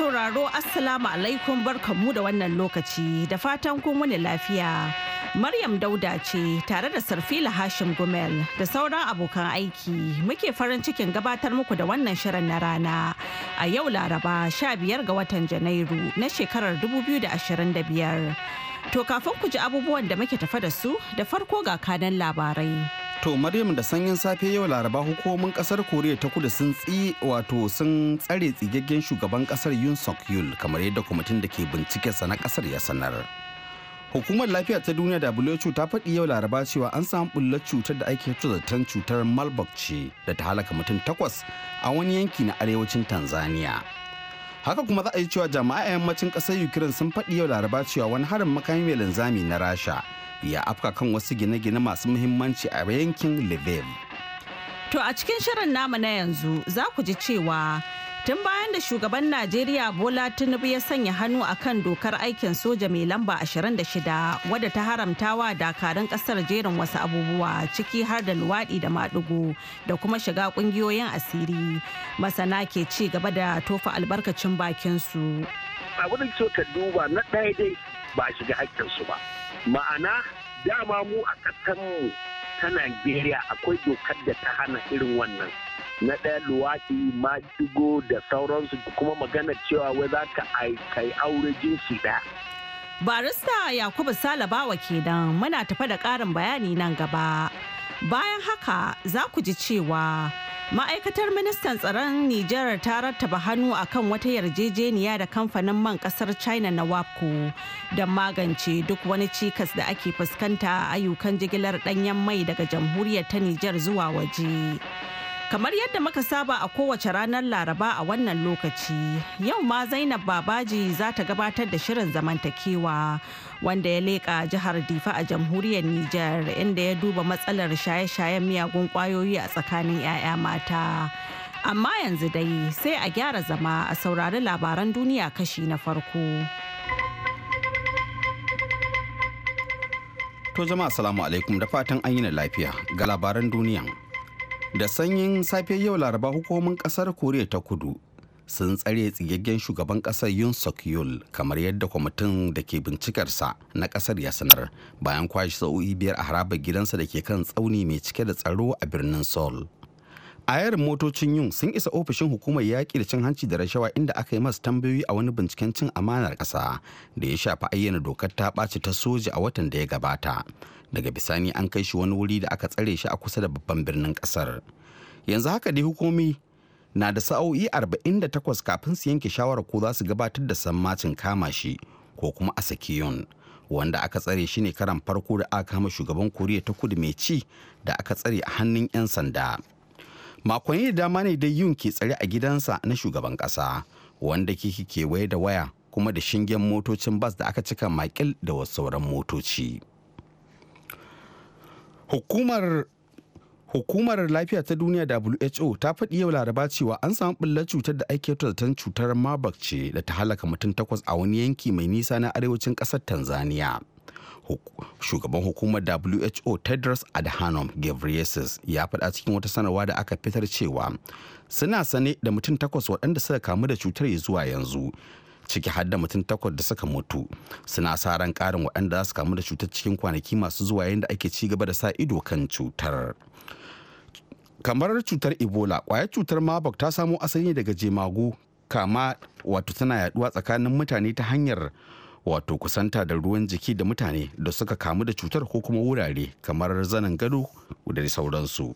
sauraro Assalamu alaikum barkanmu da wannan lokaci da fatan kun wani lafiya. Maryam Dauda ce tare da Sarfila Hashim Gumel da sauran abokan aiki muke farin cikin gabatar muku da wannan shirin na rana a yau Laraba 15 ga watan Janairu na shekarar 2025. To kafin ku ji abubuwan da muke tafa da su da farko ga kanan labarai. To Maryam da sanyin safe yau laraba hukumomin kasar Koriya ta kudu sun tsi wato sun tsare tsigaggen shugaban kasar Yun Suk Yul kamar yadda kwamitin da ke bincike sa na kasar ya sanar. Hukumar lafiya ta duniya da WHO ta faɗi yau laraba cewa an samu bullar cutar da ake zaton cutar Marburg ce da ta halaka mutum takwas a wani yanki na arewacin Tanzania. haka kuma za a yi cewa jama'a yammacin ƙasar ukraine sun faɗi yau laraba cewa wani harin makami mai linzami na rasha ya afka kan wasu gine-gine masu muhimmanci a yankin lviv to a cikin shirin namu na yanzu za ku ji cewa tun bayan da shugaban najeriya bola tinubu ya sanya hannu a kan dokar aikin soja mai lamba 26 wadda ta haramta wa dakarun kasar jerin wasu abubuwa ciki har da luwaɗi da maɗigo da kuma shiga ƙungiyoyin asiri masana ke ci gaba da tofa albarkacin bakinsu A wurin cutar duba na ɗaya dai ba shiga aikinsu ba ma'ana dama mu a ƙasarmu ta Najeriya akwai dokar da ta hana irin wannan. Na ɗaya luwaɗi, majigo da sauransu kuma magana cewa wai za ka aikai aure jinsi ɗaya. Barista Yakubu Salabawa kenan muna tafa da ƙarin bayani nan gaba. Bayan haka za ku ji cewa Ma'aikatar ministan tsaron Nijar ta rattaba hannu a kan wata yarjejeniya da kamfanin man kasar China na WAPCO don magance duk wani cikas da ake fuskanta a ayyukan jigilar danyen mai daga jamhuriyar ta Nijar zuwa waje. Kamar yadda muka saba a kowace ranar Laraba a wannan lokaci, yau ma Zainab Babaji za ta gabatar da shirin zamantakewa wanda ya leƙa jihar Difa a jamhuriyar Nijar inda ya duba matsalar shaye-shayen miyagun ƙwayoyi a tsakanin 'ya'ya mata. Amma yanzu dai sai a gyara zama a saurari labaran duniya kashi na farko. To jama'a salamu alaikum da fatan an yi lafiya ga labaran duniya. da sanyin safe yau laraba hukumomin kasar koriya ta kudu sun tsare tsigaggen shugaban kasar yun suk yul kamar yadda kwamitin da ke bincikarsa na kasar ya sanar bayan kwashe sa'o'i biyar a haraba gidansa da ke kan tsauni mai cike da tsaro a birnin seoul ayar motocin yun sun isa ofishin hukumar yaƙi da cin hanci da rashawa inda aka yi masu tambayoyi a wani binciken cin amanar ƙasa da ya shafi ayyana dokar ta ɓaci ta soja a watan da ya gabata daga bisani an kai shi wani wuri da aka tsare shi a kusa da babban birnin kasar yanzu haka dai hukumi na da sa'o'i 48 kafin su yanke shawarar ko za su gabatar da sammacin kama shi ko kuma a saki yun wanda aka tsare shi ne karan farko da aka kama shugaban koriya ta kudu mai ci da aka tsare a hannun 'yan sanda makonni da dama ne dai yun ke tsare a gidansa na shugaban kasa wanda ke kewaye da waya kuma da shingen motocin bas da aka cika makil da wasu sauran motoci. hukumar hukumar lafiya ta duniya who ta faɗi yau laraba cewa an samu ɓullar cutar da ake tattalin cutar marburg ce da ta halaka mutum takwas a wani yanki mai nisa na arewacin ƙasar tanzania shugaban hukumar who tedros adhanom ghebreyesus ya faɗa cikin wata sanarwa da aka fitar cewa suna sane da mutum takwas waɗanda suka kamu da cutar ya zuwa yanzu ciki har da mutum takwas da suka mutu suna sa ran karin waɗanda za su kamu da cutar cikin kwanaki masu zuwa yayin da ake ci gaba da sa ido kan cutar kamar cutar ebola kwayar cutar marburg ta samo asali daga jemagu kama wato tana yaduwa tsakanin mutane ta hanyar wato kusanta da ruwan jiki da mutane da suka kamu da cutar ko kuma wurare kamar zanen gado da sauransu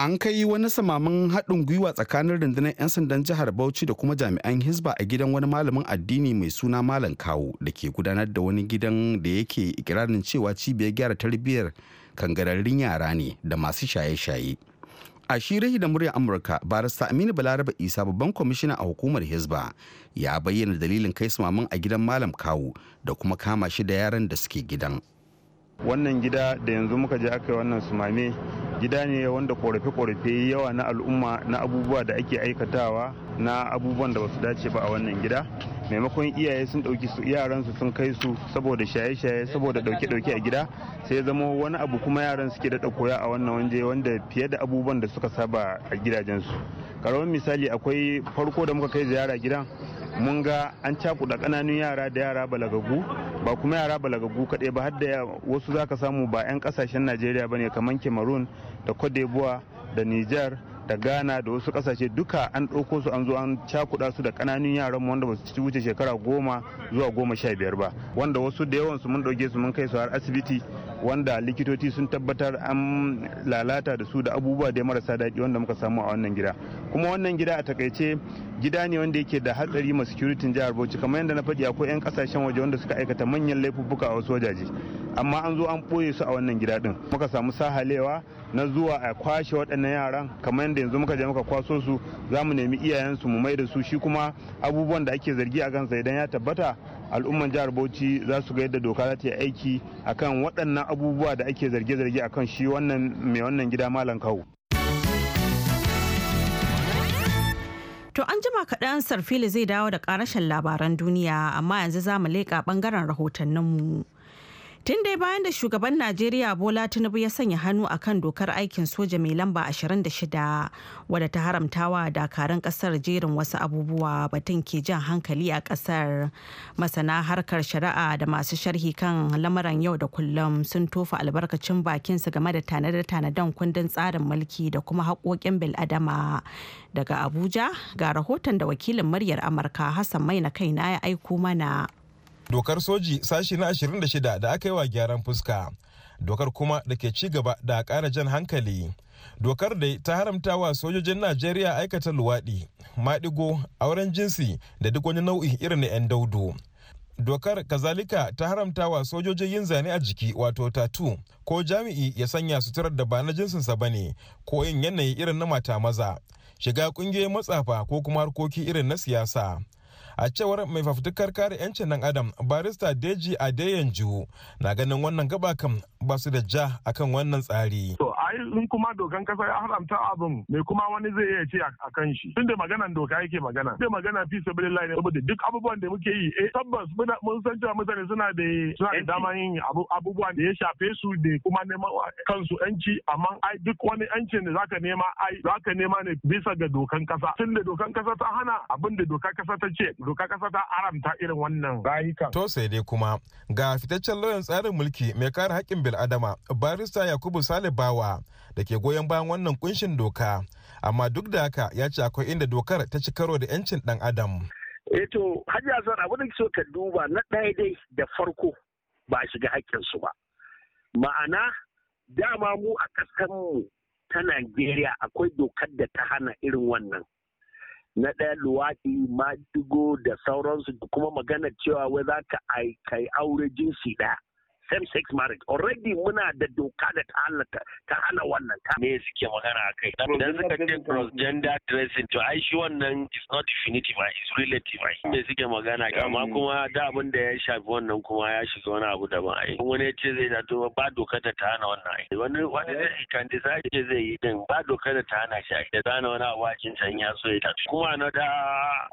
an kai wani samamin haɗin gwiwa tsakanin rundunar 'yan sandan jihar bauchi da kuma jami'an hisba a gidan wani malamin addini mai suna malam kawo da ke gudanar da wani gidan da yake ikirarin cewa cibiyar gyara tarbiyyar kangararrun yara ne da masu shaye-shaye a shirin da muryar amurka barista aminu balaraba isa babban kwamishina a hukumar hisba ya bayyana dalilin kai samamin a gidan malam kawo da kuma kama shi da yaran da suke gidan wannan gida da yanzu muka je aka yi wannan sumame gida ne wanda korafe-korafe yawa na al'umma na abubuwa da ake aikatawa na abubuwan da basu dace ba a wannan gida maimakon iyaye sun ɗauki yaran su sun kai su saboda shaye-shaye saboda ɗauke-ɗauke a gida sai zama wani abu kuma yaran suke daɗa koya a wannan waje wanda fiye da abubuwan da suka saba a gidajensu karamin misali akwai farko da muka kai ziyara gidan mun ga an cakuɗa ƙananun yara da yara balagagu ba kuma yara balagagu kaɗai ba har da wasu zaka samu ba 'yan kasashen najeriya ba ne kamar cameroon da cote d'ivoire da niger da ghana da wasu kasashe duka an ɗauko su an zo an cakuɗa su da ƙananun yaran mu wanda ba su wuce shekara goma zuwa goma sha biyar ba wanda wasu da yawan su mun ɗauke su mun kai su har asibiti wanda likitoci sun tabbatar an lalata da su da abubuwa da marasa daɗi wanda muka samu a wannan gida kuma wannan gida a takaice gida ne wanda yake da hatsari ma security jihar bauchi kamar yadda na faɗi akwai 'yan kasashen waje wanda suka aikata manyan laifuffuka a wasu wajaje amma an zo an ɓoye su a wannan gida din muka samu sahalewa na zuwa a kwashe waɗannan yaran kamar yadda yanzu muka je muka kwaso su za mu nemi iyayensu mu mai da su shi kuma abubuwan da ake zargi a kansa idan ya tabbata al'umman jihar bauchi za su ga yadda doka za ta yi aiki akan waɗannan abubuwa da ake zarge-zarge akan shi wannan mai wannan gida malam kawu To an jima kaɗan sarfili zai dawo da ƙarashin labaran duniya amma yanzu za mu leƙa ɓangaren rahotanninmu. Tun dai bayan da shugaban Najeriya Bola Tinubu ya sanya hannu a kan dokar aikin soja mai lamba 26 wadda ta haramtawa dakarun kasar jerin wasu abubuwa batun ke jan hankali a kasar. Masana harkar shari'a da masu sharhi kan lamuran yau da kullum sun tofa albarkacin bakinsu game da tanadar tanadan kundin tsarin mulki da kuma haƙoƙin bil'adama. Daga Abuja ga rahoton da wakilin muryar Amurka Hassan mai na kaina ya aiko mana. dokar soji sashi na 26 da aka yi wa gyaran fuska dokar kuma da ke ci gaba da kara jan hankali dokar da ta haramta wa sojojin najeriya aikata luwaɗi maɗigo auren jinsi da duk wani nau'i irin na 'yan daudu dokar kazalika ta haramta wa sojojin yin zane a jiki wato tatu ko jami'i ya sanya suturar da ba na jinsinsa ba ne ko yin yanayi irin na mata maza shiga ƙungiyoyin matsafa ko kuma harkoki irin na siyasa a cewar mai fafutukar kare 'yancin nan adam barista deji adeyanju na ganin wannan gaba kam ba su da ja akan wannan tsari. ai in kuma dokan kasa ya haramta abin mai kuma wani zai iya ce a kan shi tunda magana doka yake magana tunda magana fi sabilillahi ne saboda duk abubuwan da muke yi eh tabbas mun san cewa mutane suna da suna da dama yin abubuwan da ya shafe su da kuma neman kansu yanci amma ai duk wani yancin da zaka nema ai zaka nema ne bisa ga dokan kasa tunda dokan kasa ta hana abin da doka kasa ta ce doka kasa ta haramta irin wannan rayuka to sai dai kuma ga fitaccen lauyan tsarin mulki mai kare haƙƙin bil'adama barista yakubu sale bawa Dake da ke goyon bayan wannan kunshin doka amma duk da haka ya ce akwai inda dokar ta ci karo da 'yancin dan adam eto eh hajji hassan abin da so ka duba na ɗaya dai da farko ba shiga haƙƙinsu ba ma'ana dama mu a ƙasarmu ta najeriya akwai dokar da ta hana irin wannan na ɗaya luwaɗi madigo da sauransu kuma maganar cewa wai za ka kai aure jinsi ɗaya same sex marriage already muna da doka da ta hana ta hana wannan ta me suke magana akai dan suka ce gender dressing to ai shi wannan is not definitive ai is relative ai me suke magana amma kuma da abin da ya shafi wannan kuma ya shiga wani abu daban ai wani ya ce zai da ba doka da ta hana wannan ai wani wani eh. zai kan decide ce zai yi din ba doka da ta hana shi ai da zana wani abu a cikin ya so ya tafi kuma na da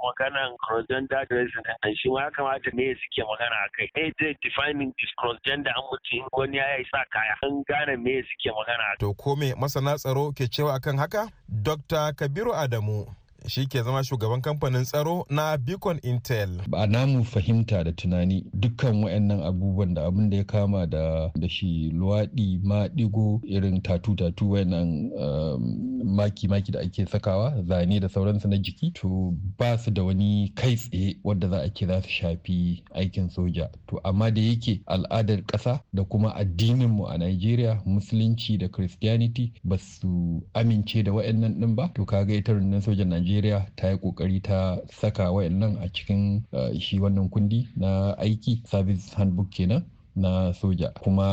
maganan gender dressing din shi ma ya kamata ne suke magana akai eh defining is gender. da an mutu in wani ya sa kaya an gane me suke magana. To ko me masana tsaro ke cewa akan haka? Dr. Kabiru Adamu shi ke zama shugaban kamfanin tsaro na Beacon Intel. Ba namu fahimta da tunani dukkan wayannan abubuwan da abin da ya kama da shi luwaɗi maɗigo irin tatu-tatu wayannan um, maki-maki da ake sakawa zane da sauransu na jiki to ba su da wani kai tsaye wadda za a ce za su shafi aikin soja to amma da yake al'adar ƙasa da kuma addininmu a Najeriya musulunci da christianity ba su amince da wayannan din ba to kaga ita rundunar sojan Najeriya ta yi kokari ta saka wayannan a cikin eh, shi wannan kundi na aiki service handbook kenan na soja kuma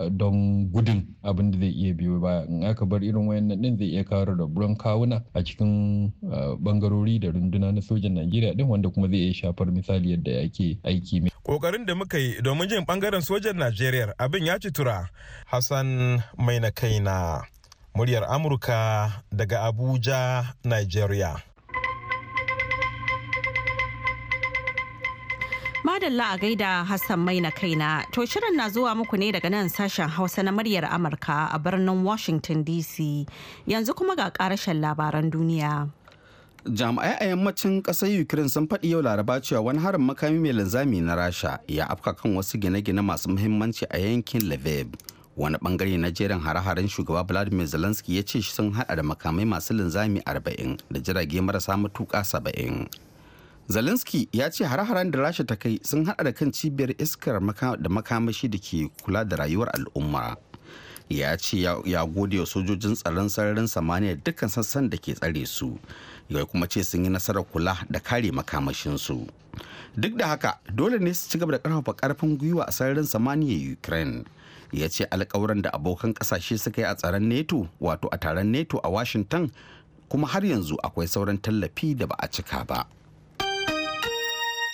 eh, don gudun abin da zai iya biyo ba in aka bar irin wayannan din zai iya kawo rabuwar kawuna a cikin eh, bangarori da runduna na sojan najeriya din wanda kuma zai iya shafar misali yadda yake aiki mai kokarin da muka yi domin jin bangaren sojan najeriya abin ya ci tura hassan mai na kai na muryar amurka daga abuja nigeria Madalla a gaida Hassan mai na kai na To shirin na zuwa muku ne daga nan sashen Hausa na muryar Amurka a birnin Washington DC. Yanzu kuma ga karashen labaran duniya. Jami'ai a yammacin ƙasar Ukraine sun faɗi yau laraba cewa wani harin makami mai linzami na Rasha ya afka kan wasu gine-gine masu muhimmanci a yankin Lviv. Wani bangare na jerin hare-haren shugaba Vladimir Zelensky ya ce sun haɗa da makamai masu linzami 40 da jirage marasa matuƙa 70. zelensky ya ce hare-haren da rasha ta kai sun hada da kan cibiyar iskar da makamashi da ke kula da rayuwar al'umma ya ce ya gode wa sojojin tsaron sararin samaniya dukkan sassan da ke tsare su ya kuma ce sun yi nasarar kula da kare makamashinsu duk da haka dole ne su ci gaba da karfafa karfin gwiwa a sararin samaniya ukraine ya ce alkawuran da abokan kasashe suka yi a tsaron NATO wato a taron NATO a washington kuma har yanzu akwai sauran tallafi da ba a cika ba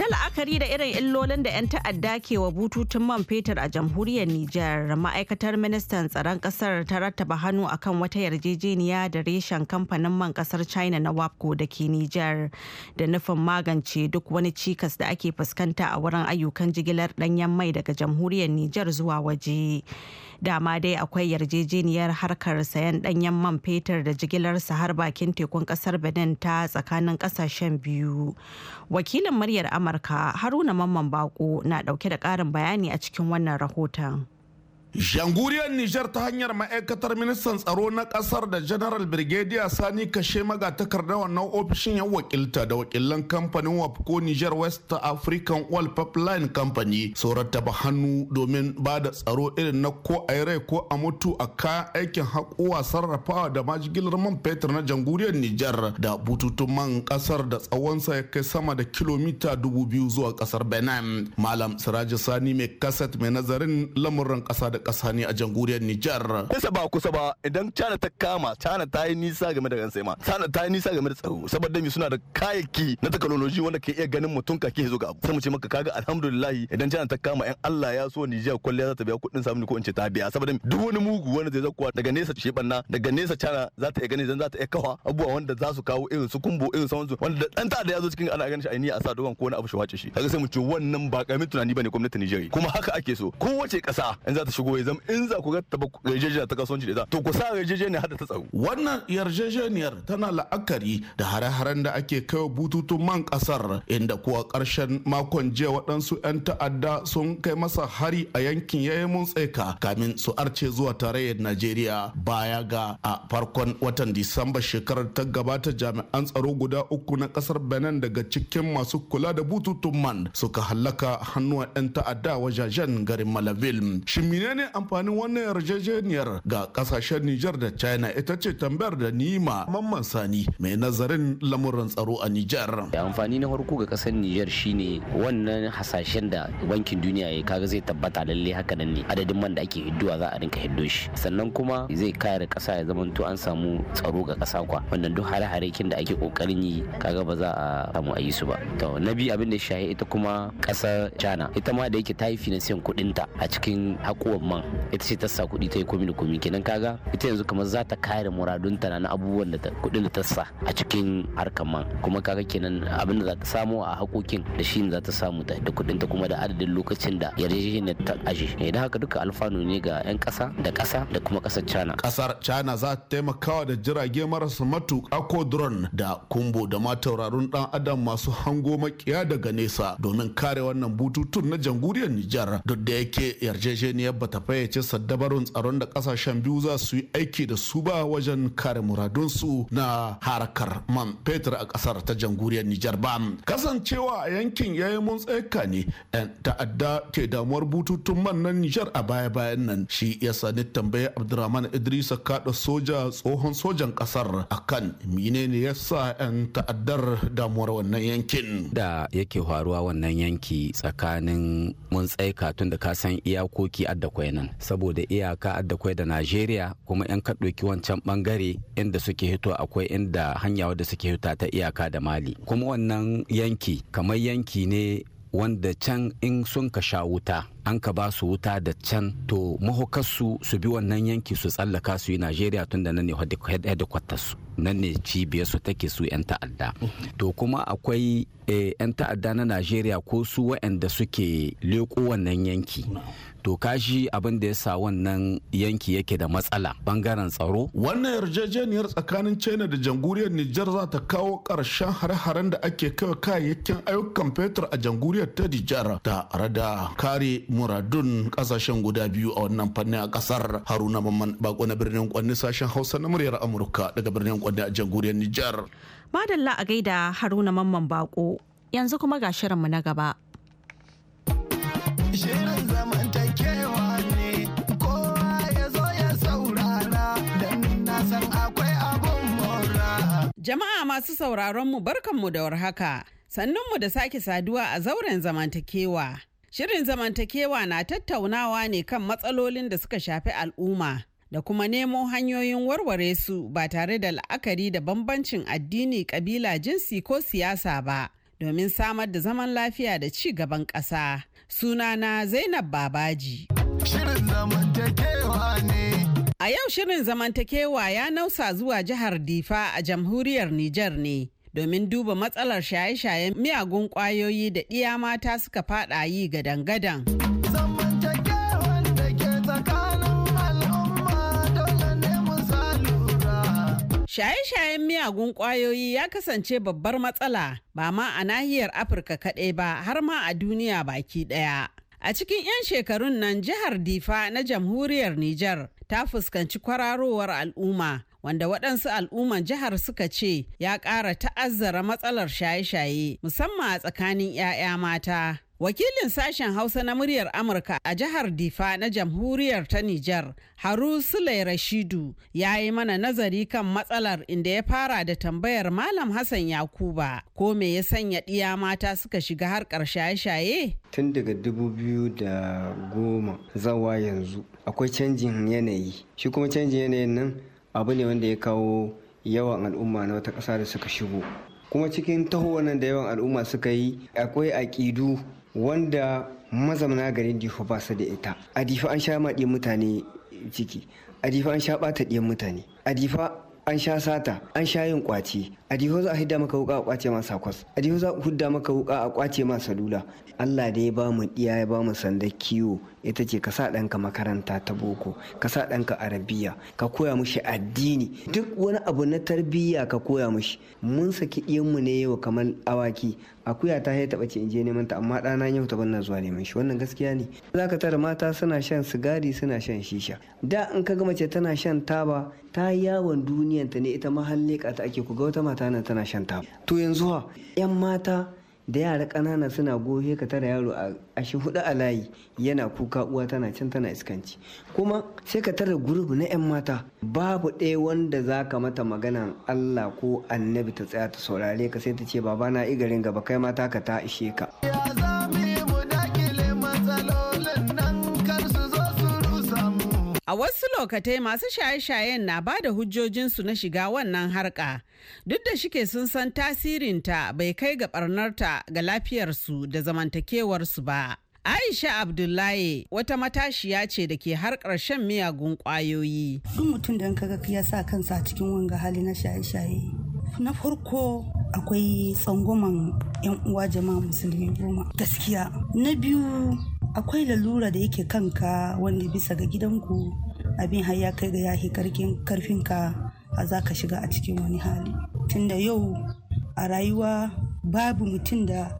Ta la'akari da irin illolin da 'yan ta'adda ke wa bututun man fetur a jamhuriyar Nijar, ma'aikatar ministan tsaron kasar ta rattaba hannu akan wata yarjejeniya da reshen kamfanin man kasar China na WAPCO da ke Nijar, da nufin magance duk wani cikas da ake fuskanta a wurin ayyukan jigilar ɗanyen mai daga jamhuriyar Nijar zuwa waje. Dama dai akwai yarjejeniyar harkar sayan ɗanyen man fetur da jigilarsa har bakin tekun kasar Benin ta tsakanin ƙasashen biyu. Wakilin muryar Amurka Amurka Haruna Mamman Bako na dauke da karin bayani a cikin wannan rahoton. Janguriyar Nijar ta hanyar ma'aikatar ministan tsaro na kasar da General Brigadier Sani kashe magatakarda wannan ofishin ya wakilta da wakilan kamfanin Wapco Niger West African Oil Pipeline Company saurar ba hannu domin ba da tsaro irin na ko a rai ko a mutu a kayan aikin haƙuwa sarrafawa da majigilar man fetur na janguriyar Nijar da bututun man kasar da tsawonsa ya kai sama da kilomita dubu biyu zuwa kasar Benin. Malam Siraji Sani mai kaset mai nazarin lamuran kasa da ƙasa ne a jamhuriyar Nijar. Nisa ba kusa ba idan China ta kama China ta yi nisa game da kan sai ma China ta yi nisa game da tsaro saboda mi suna da kayayyaki na technology wanda ke iya ganin mutum ke zo ga abu sai mu ce maka kaga alhamdulillah idan China ta kama in Allah ya so Nijar kwalliya za ta biya kuɗin samu ko in ce ta biya saboda duk wani mugu wanda zai zakuwa daga nesa ce banna daga nesa China za ta iya gani za ta iya kawa abubuwa wanda za su kawo irin su kumbo irin sauransu wanda dan ta da ya zo cikin ana ganin shi a niyya a sa dogon ko wani abu shi wace shi kaga sai mu ce wannan ba karamin tunani bane gwamnatin Nijar kuma haka ake so kowace ƙasa in za ta shigo ko ya zama in za ku ga yarjejeniya ta kasuwanci da za to ku sa yarjejeniya hada ta tsaro wannan yarjejeniyar tana la'akari da hare-haren da ake kai bututun man kasar inda kuwa karshen makon jiya waɗansu 'yan ta'adda sun kai masa hari a yankin yayin tseka kamin su arce zuwa tarayyar najeriya baya ga a farkon watan disamba shekarar ta gabata jami'an tsaro guda uku na kasar benin daga cikin masu kula da bututun man suka hallaka hannuwan 'yan ta'adda wajajen garin malavil shi ne amfanin wannan yarjejeniyar ga kasashen Nijar da China ita ce tambayar da Nima Mamman Sani mai nazarin lamuran tsaro a Nijar. Amfani na farko ga kasar Nijar shine wannan hasashen da bankin duniya ya kaga zai tabbata lalle haka nan ne adadin man da ake hidduwa za a rinka hiddo shi sannan kuma zai kare kasa ya zamanto an samu tsaro ga kasa kwa wannan duk hare-hare da ake kokarin yi kaga ba za a samu ayi su ba. To na biyu abin da shahi ita kuma kasar China ita ma da yake ta yi finansiyan ta a cikin haƙuwar amma ita ce ta sa kuɗi ta yi komi da komi kenan kaga ita yanzu kamar za ta kare muradunta na abubuwan da kuɗin da ta sa a cikin harkar ma kuma kaga kenan abin da za ta samu a hakokin da shi za ta samu da kuɗin ta kuma da adadin lokacin da yarjejeniyar ta aje idan haka duka alfanu ne ga 'yan ƙasa da ƙasa da kuma ƙasar china ƙasar china za ta taimakawa da jirage marasa matuƙa ko drone da kumbo da ma tauraron dan adam masu hango makiya daga nesa domin kare wannan bututun na jamhuriyar nijar duk da yake yarjejeniyar bata ya ce saddabarun tsaron da kasashen biyu za su yi aiki da su ba wajen kare muradunsu na harkar man fetur a kasar ta jamhuriyar Nijar ba. Kasancewa a yankin ya yi mun tsaika ne 'yan ta'adda ke damuwar bututun man na Nijar a baya-bayan nan shi ya sani tambaye Abdurrahman Idrisa kaɗa soja tsohon sojan kasar akan menene ya sa 'yan ta'addar damuwar wannan yankin. Da yake faruwa wannan yanki tsakanin mun tsaika tun da ka san iyakoki adda kenan saboda iyaka kwai da najeriya kuma yan ka ɗauki wancan bangare inda suke hito akwai inda hanya wadda suke hita ta iyaka da mali kuma wannan yanki kamar yanki ne wanda can in sun ka sha wuta an ka ba su wuta da can to mahukarsu su bi wannan yanki su tsallaka su yi najeriya tun da nan ne headquarters su nan ne cibiyar su take su 'yan ta'adda to kuma akwai eh, 'yan ta'adda na najeriya ko su waɗanda suke leko wannan yanki to kashi abin da ya sa wannan yanki yake da matsala bangaren tsaro wannan yarjejeniyar tsakanin china da jamhuriyar nijar za ta kawo ƙarshen hare-haren da ake kawai kayayyakin ayyukan fetur a jamhuriyar ta nijar tare da kare muradun kasashen guda biyu a wannan fanni a kasar haruna mamman bako na birnin kwanni sashen hausa na muryar amurka daga birnin kwanni a jamhuriyar nijar madalla a gaida haruna mamman bako yanzu kuma ga shirinmu na gaba shirin zamantakewa ne kowa ya jama'a masu sauraron mu barkanmu da warhaka sannunmu da sake saduwa a zauren zamantakewa Shirin zamantakewa na tattaunawa ne kan matsalolin da suka shafi al'umma da kuma nemo hanyoyin warware su ba tare da la'akari da bambancin addini, kabila, jinsi ko siyasa ba domin samar da zaman lafiya da ci gaban ƙasa. Sunana Zainab Babaji. A yau shirin zamantakewa ya nausa zuwa jihar Difa a jamhuriyar Nijar ne. domin duba matsalar shaye-shayen miyagun kwayoyi da ɗiya mata suka fada yi gadan-gadan. Shaye-shayen miyagun kwayoyi ya kasance babbar matsala ba ma a nahiyar Afirka kaɗai ba har ma a duniya baki ɗaya. A cikin 'yan shekarun nan jihar Difa na jamhuriyar Nijar ta fuskanci kwararowar al'umma wanda waɗansu al'umman jihar suka ce ya ƙara ta'azzara matsalar shaye-shaye musamman a tsakanin 'ya'ya mata. Wakilin sashen Hausa na muryar Amurka a jihar Difa na jamhuriyar ta Nijar, Haru Sule Rashidu, ya yi mana nazari kan matsalar inda ya fara da tambayar Malam Hassan Yakuba, ko me ya sanya ɗiya mata suka shiga harkar shaye-shaye? Tun daga dubu biyu da goma zawa yanzu akwai canjin yanayi. Shi kuma canjin yanayin nan abu ne wanda ya kawo yawan al'umma na wata ƙasa da suka shigo kuma cikin taho nan da yawan al'umma suka yi akwai aƙidu wanda mazamna garin difa ba su da ita a difa an sha maɗin mutane ciki a difa an sha ɓata ɗiyan mutane a difa an sha sata an sha yin kwace, a jiho za a hidda maka wuka a kwace masa kwas a jiho za a hidda maka wuka a kwace ma salula Allah da ya ba mu iya ya ba mu sanda kiwo ita ce ka sa ɗanka makaranta ta boko ka sa ɗanka arabiya ka koya mushi addini duk wani abu na tarbiyya ka koya mushi mun saki mu ne yau kamar awaki akuya ta ya taba ce in je neman ta amma dana yau ta banna zuwa neman shi wannan gaskiya ne za ka tara mata suna shan sigari suna shan shisha da in ka ga mace tana shan taba ta yawon ta ne ita mahalle ta ake ku ga wata mata nan tana shan taba to yanzu ha yan mata da yara ƙanana suna gohe ka tara yaro a shi hudu a layi yana kuka uwa tana can tana iskanci kuma sai ka tara gurubu na 'yan mata babu ɗaya wanda za ka mata maganan allah ko annabi ta tsaya ta saurare ka sai ta ce babana igarin gaba kai mata ka ta ishe ka. A wasu lokatai masu shaye-shayen na ba da hujjojinsu na shiga wannan harka, duk da shike sun san tasirinta bai kai ga barnarta ga lafiyarsu da zamantakewarsu ba. Aisha Abdullahi wata matashiya ce da ke harkar shan miyagun ƙwayoyi. Duk mutum da kaga ya sa kansa cikin wanga hali na shaye-shaye na farko akwai tsangwaman 'yan uwa jama'a musulmi goma gaskiya na biyu akwai lalura da yake kanka wanda bisa ga gidanku abin har ya kai ga yahi karfinka a za ka shiga a cikin wani hali tunda yau a rayuwa babu mutum da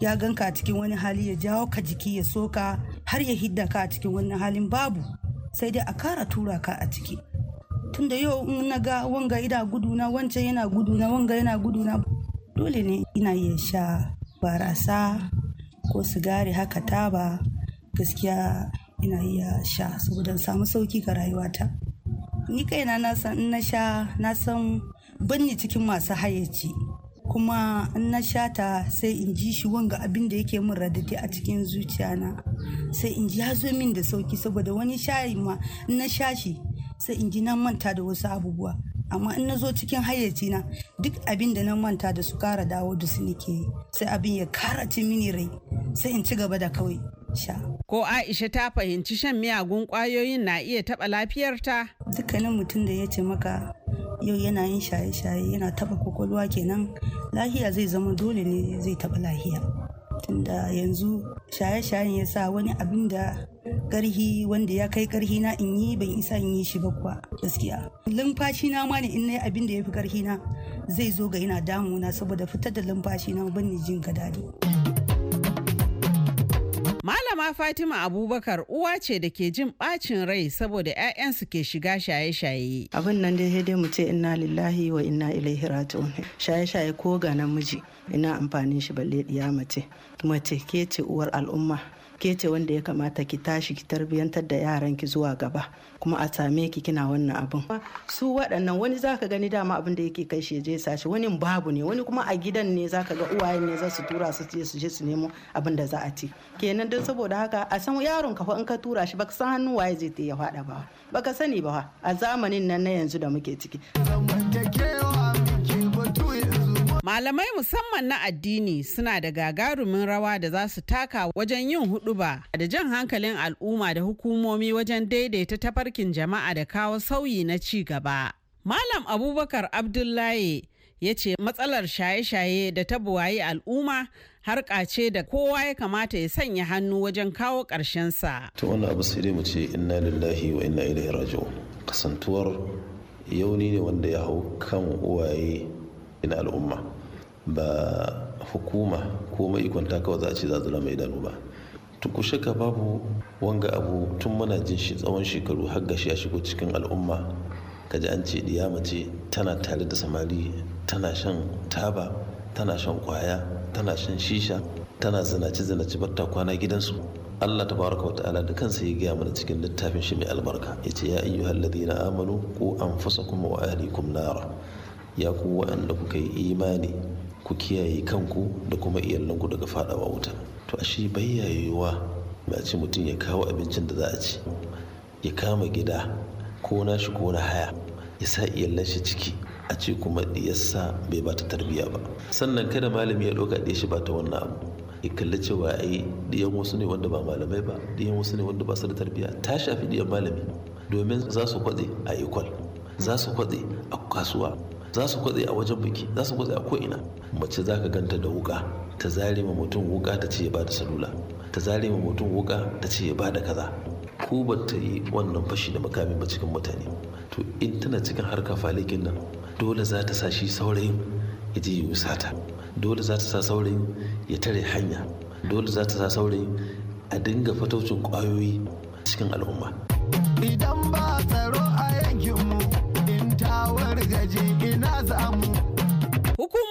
ya ganka a cikin wani hali ya jawo ka jiki ya soka har ya hidda ka a cikin wani halin babu sai dai a kara tura ka a ciki tunda yau in na ga wanga ina guduna wancan yana guduna wanga yana guduna dole ne ina iya sha barasa ko sigari haka taba gaskiya ina iya sha saboda samu sauki ga rayuwata ni kaina na san in na sha na san banni cikin masu hayaci. kuma in na sha ta sai in ji shi wanga abin da yake min radadi a cikin zuciya na sai in ji ya min da sauki saboda wani shayi ma in na sha shi sai in ji na manta da wasu abubuwa amma in na zo cikin hayyaci na duk abin da na manta da su kara dawo da su nake sai abin ya kara ci mini rai sai in ci gaba da kawai sha ko aisha ta fahimci shan miyagun kwayoyin na iya taba lafiyarta dukkanin mutum da ya ce maka yau yana yin shaye-shaye yana taba kwakwalwa kenan lahiya zai zama dole ne zai taba lahiya tunda yanzu shaye-shayen ya sa wani abin da karhi wanda ya kai karhi na in yi ban isa in yi shi ba kuwa gaskiya lumfashi na ma ne in nayi abin da yafi fi karhi na zai zo ga yana na saboda fitar da lumfashi na ban ni jin ka dadi Malama Fatima Abubakar uwa ce da ke jin bacin rai saboda 'ya'yansu ke shiga shaye-shaye. Abin nan dai dai mu ce inna lillahi wa inna ilaihi raji'un. Shaye-shaye ko ga namiji ina amfanin shi balle diya mace. Mace ke ce uwar al'umma. ke ce wanda ya kamata ki tashi ki tarbiyantar da yaran ki zuwa gaba kuma a same ki kina wannan abin su waɗannan wani zaka gani dama abin da yake kai shi je sashi wani babu ne wani kuma a gidan ne zaka ga uwaye ne za su tura su je su je su nemo abin da za a ci kenan don saboda haka a san yaron ka fa in ka tura shi baka san hannu waye zai ta ya faɗa ba baka sani ba a zamanin nan na yanzu da muke ciki Malamai musamman na addini suna da gagarumin rawa da za su taka wajen yin huduba da jan hankalin al'umma da hukumomi wajen daidaita tafarkin jama'a da kawo sauyi na ci gaba. Malam Abubakar Abdullahi ya ce matsalar shaye-shaye da ta buwaye al'umma harka ce da kowa ya kamata ya sanya hannu wajen kawo sa. Ta wani abu sai dai mu ce inna lillahi wa inna ilaihi raji'un. Kasantuwar yauni ne wanda ya hau kan uwaye ina al'umma. ba hukuma ko mai kawai za a ce za zura mai danu ba tuku shaka babu wanga abu tun muna jin shi tsawon shekaru har gashi ya shigo cikin al'umma kaji an ce diya mace tana tare da samari tana shan taba tana shan kwaya tana shan shisha tana zinace zinaci batta kwana gidansu Allah ta baraka wa ta'ala da kansa ya gaya mana cikin littafin shi mai albarka ya ce ya ayyuhal ladina amanu ku anfusakum wa ahlikum nara ya ku waɗanda kuka yi imani ku kiyaye kanku da kuma iyalanku daga faɗawa wuta to ashe bayya yiwuwa ba ci mutum ya kawo abincin da za a ci ya kama gida ko na shi ko na haya ya sa iyalan shi ciki a ce kuma diyarsa bai bata tarbiyya ba sannan kada malami ya ɗauka ɗaya shi ba ta wannan abu ya kalli cewa ai ɗiyan wasu ne wanda ba malamai ba ɗiyan wasu ne wanda ba su da tarbiyya ta shafi ɗiyan malami domin za su kwatse a ikwal za su kwatse a kasuwa za su kwatse a wajen biki za su kwatse a ko'ina mace za ka ganta da wuka ta zare ma mutum wuka ta ce ya ba da salula ta zare ma mutum wuka ta ce ya ba da kaza ko ba ta yi wannan fashi da makami ba cikin mutane to in tana cikin harka falikin nan dole za ta sa shi saurayin ya je ya sata dole za ta sa saurayin ya tare hanya dole za ta sa saurayin a dinga fatocin kwayoyi cikin al'umma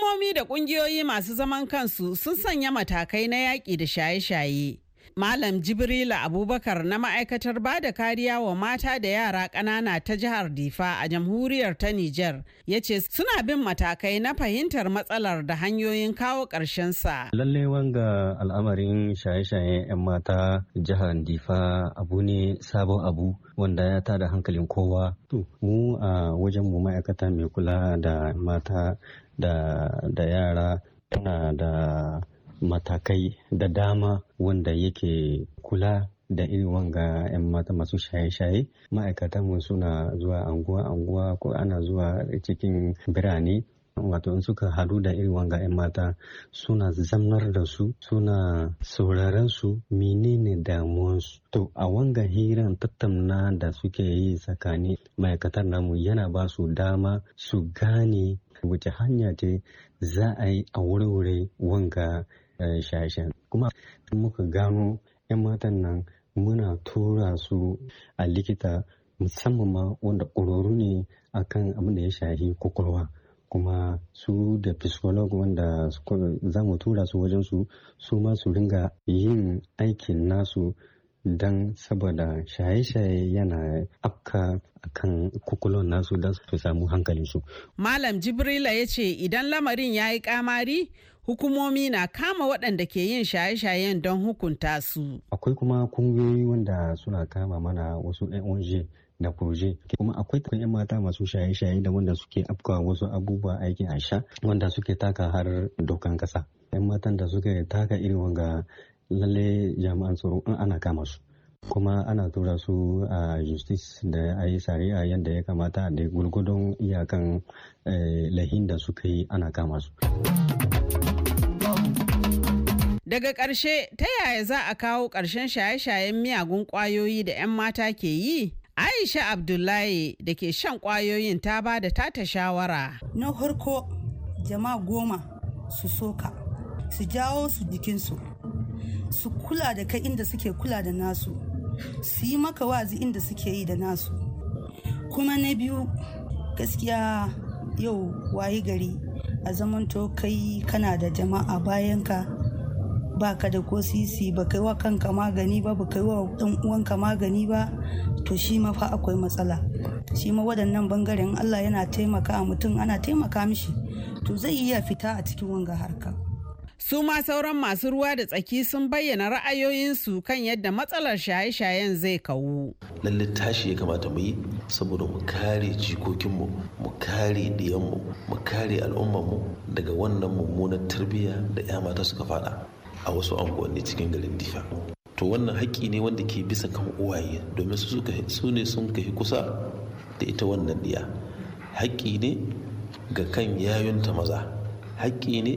Hukumomi da kungiyoyi masu zaman kansu sun sanya matakai na yaƙi da shaye-shaye. Malam Jibrila Abubakar na ma'aikatar ba da kariya wa mata da yara ƙanana ta jihar Difa a jamhuriyar ta Nijar ya ce suna bin matakai na fahimtar matsalar da hanyoyin kawo ƙarshensa. Lallai wanga al'amarin shaye shaye 'yan mata jihar Difa abu ne sabon abu wanda ya tada hankalin kowa. mu a wajen mu ma'aikata mai kula da mata da yara tana da matakai da dama wanda yake kula da irin wanga 'yan mata masu shaye-shaye ma'aikatanmu suna zuwa anguwa-anguwa ko ana zuwa cikin birane wato in suka hadu da irin wanga 'yan mata suna zamnar da su suna sauraren su menene damuwansu to a wanga hiran tattauna da suke yi tsakanin ma'aikatar namu yana ba su dama su gane wace hanya ce za a yi a wurwure wanga eh, shashen kuma muka gano 'yan matan nan muna tura su a likita musamman ma wanda ƙwararru ne akan abin da ya shahi kwakwalwa kuma su da psycholog wanda za mu tura su wajen su su ma su ringa yin aikin nasu don saboda shaye-shaye yana afka akan kukulon nasu don su samu su. Malam Jibrila ya ce idan lamarin ya yi kamari hukumomi na kama waɗanda ke yin shaye-shayen don hukunta su. Akwai kuma kungiyoyi wanda suna kama mana wasu ONG da proje kuma akwai yan mata masu shaye-shaye da wanda suke afkawa wasu abubuwa aikin a sha wanda suke taka har dokan kasa yan matan da suke taka irin wanga lalle jami'an tsaro in ana kama su kuma ana tura su a justice da a yi shari'a yadda ya kamata da gulgudun iyakan eh, lahin da suka yi ana kama su. Daga ƙarshe ta yaya za a kawo ƙarshen shaye-shayen miyagun ƙwayoyi da 'yan mata ke yi? Aisha Abdullahi da ke shan ƙwayoyin ta ba da tata shawara. Na harko jama'a goma su soka, su jawo su jikinsu, su kula da kai inda suke kula da nasu su yi maka wazi inda suke yi da nasu kuma na biyu gaskiya yau wayi gari a zamanto kai kana da jama'a bayanka ka da ko sisi ba kai wa kanka magani ba ba kai wa dan uwanka magani ba to shi ma fa akwai matsala shi ma waɗannan bangaren Allah yana taimaka mutum ana taimaka mishi to zai iya fita a cikin wanga harka su ma sauran masu ruwa da tsaki sun bayyana ra'ayoyinsu kan yadda matsalar shaye-shayen zai kawo lalle tashi ya kamata mu yi saboda mu kare jikokinmu mu kare diyanmu mu kare al'ummarmu daga wannan mummunar tarbiyya da 'ya mata suka fada a wasu anguwanni cikin garin difa to wannan haƙƙi ne wanda ke bisa kan uwaye domin su ne sun kai kusa da ita wannan diya haƙƙi ne ga kan yayunta maza haƙƙi ne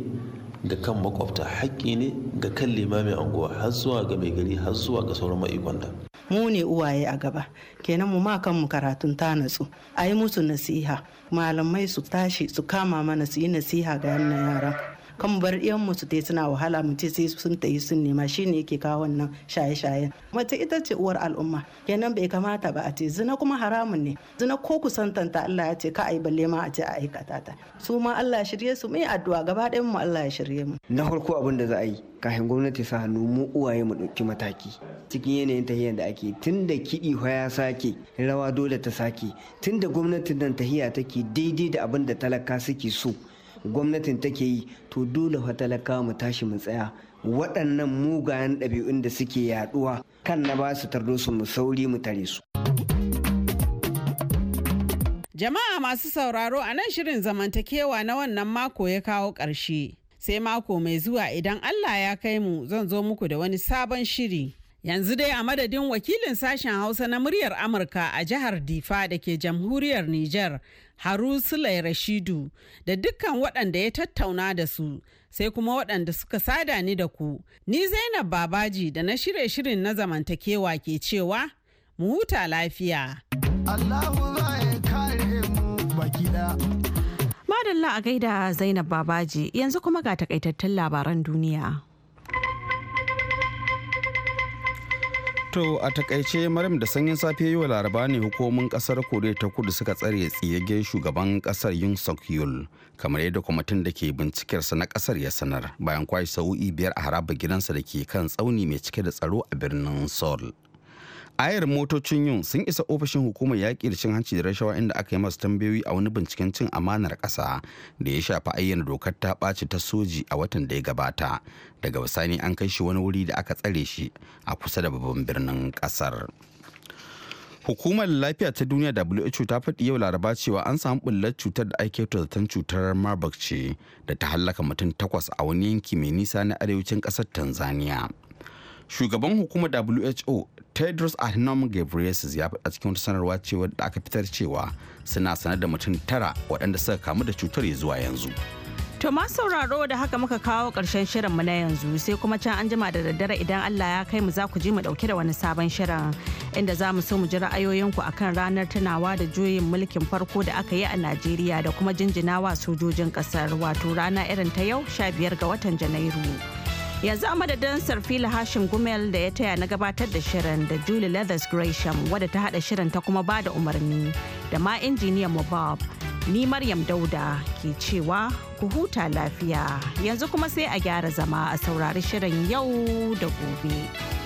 ga kan makwabta haƙƙi ne ga kan limamin anguwa har zuwa ga mai gari har zuwa ga sauran ma'ikonta. mu ne uwaye a gaba kenan mu ma kanmu karatun ta natsu a yi musu nasiha malamai su tashi su kama mana su yi nasiha ga wannan yaran kan bar yan mu su tai suna wahala mu ce sai sun tayi sun nema shine yake kawo wannan shaye shaye. mace ita ce uwar al'umma kenan bai kamata ba a ce zina kuma haramun ne zina ko kusantanta Allah ya ce ka ai balle ma a ce a aikata ta su ma Allah ya shirye su mu yi addu'a gaba ɗayan mu Allah ya shirye mu na farko abin da za a yi kafin gwamnati sa hannu mu uwaye mu ɗauki mataki cikin yanayin tahiyar da ake tun da kiɗi ya sake rawa dole ta sake tun da gwamnatin nan tahiya take daidai da abin da talaka suke so gwamnatin take yi to dole fa talakawa mu tashi mu tsaya waɗannan mugayen ɗabi'un da suke yaɗuwa kan na ba su tardo su mu sauri mu tare su. Jama'a masu sauraro a nan shirin zamantakewa na wannan mako ya kawo ƙarshe. Sai mako mai zuwa idan Allah ya kai mu zan zo muku da wani sabon shiri. Yanzu dai a madadin wakilin sashen Hausa na muryar Amurka a jihar Difa da ke jamhuriyar Nijar, Harusulai Rashidu da dukkan waɗanda ya tattauna da su sai kuma waɗanda suka sada ni da ku. Ni Zainab Babaji da na shirye shirin na zamantakewa ke cewa mu huta lafiya. Allahu Madalla a gaida Zainab Babaji yanzu kuma ga takaitattun labaran duniya. To a takaice Maryam da sanyin safe yi wa laraba ne hukumomin kasar Koriya ta kudu suka tsare tsiyage shugaban kasar Yun Suk Yul kamar yadda kwamitin da ke bincikarsa na kasar ya sanar bayan kwashe sa'o'i biyar a haraba gidansa da ke kan tsauni mai cike da tsaro a birnin sol. ayar motocin yun sun isa ofishin hukumar yaƙi da cin hanci da rashawa inda aka yi masu tambayoyi a wani binciken cin amanar ƙasa da ya shafi ayyana dokar ta ɓaci ta soji a watan da ya gabata daga bisani an kai shi wani wuri da aka tsare shi a kusa da babban birnin ƙasar hukumar lafiya ta duniya who ta faɗi yau laraba cewa an samu bullar cutar da ake tozatan cutar marburg ce da ta hallaka mutum takwas a wani yanki mai nisa na arewacin ƙasar tanzania shugaban hukumar who tedros adhanom ghebreyesus ya faɗa cikin wata sanarwa cewa da aka fitar cewa suna sanar da mutum tara waɗanda suka kamu da cutar ya zuwa yanzu to ma sauraro da haka muka kawo ƙarshen shirin mu na yanzu sai kuma can an jima da daddare idan allah ya kai mu za ku ji mu ɗauke da wani sabon shirin inda za mu so mu ji ra'ayoyinku akan ranar tunawa da juyin mulkin farko da aka yi a najeriya da kuma jinjinawa sojojin ƙasar wato rana irin ta yau sha biyar ga watan janairu. yanzu a madadin sarfila hashim gumel da ya taya na gabatar da shirin da julie leathers gresham wadda ta hada shirin ta kuma ba da umarni da ma injiniyan mu bob ni maryam dauda ke cewa ku huta lafiya yanzu kuma sai a gyara zama a saurari shirin yau da gobe.